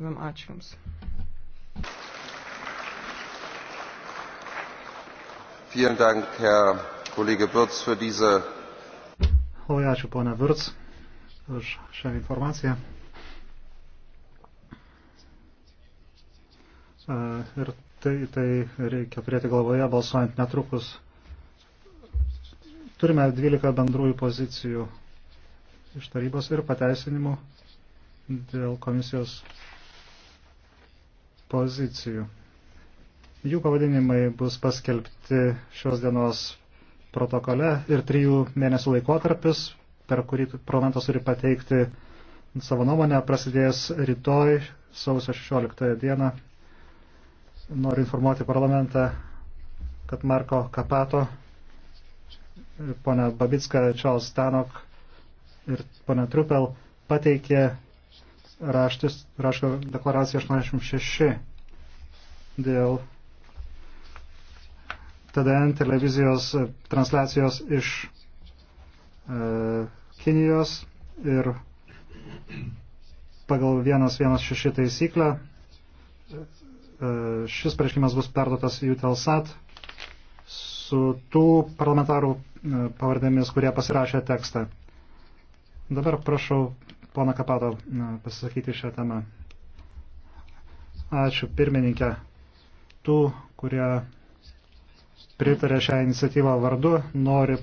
išspręstumėm. Ačiū Jums. Vielen Dank, Herr Kollege Wirtz, für diese. Labai ačiū, ponia Virts, už šią informaciją. Ir tai, tai reikia turėti galvoje, balsuojant netrukus. Turime 12 bendrųjų pozicijų iš tarybos ir pateisinimų dėl komisijos pozicijų. Jų pavadinimai bus paskelbti šios dienos protokole ir trijų mėnesių laikotarpis, per kurį parlamentas turi pateikti savo nuomonę, prasidės rytoj, sausio 16 dieną. Noriu informuoti parlamentą, kad Marko Kapato, ponia Babicka, Charles Tanok ir ponia Trupel pateikė raštis, rašo deklaracija 86 dėl TDN televizijos e, transliacijos iš e, Kinijos ir pagal 116 taisyklę e, e, šis pareiškimas bus perduotas UTELSAT su tų parlamentarų pavardėmis, kurie pasirašė tekstą. Dabar prašau poną Kapato pasisakyti šią temą. Ačiū pirmininkė. Tų, kurie pritarė šią iniciatyvą vardu, nori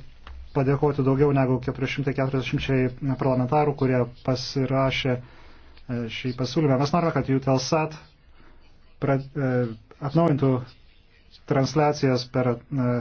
padėkoti daugiau negu 440 parlamentarų, kurie pasirašė e, šį pasiūlymą. Mes norime, kad Jutelsat e, atnaujintų transliacijas per e,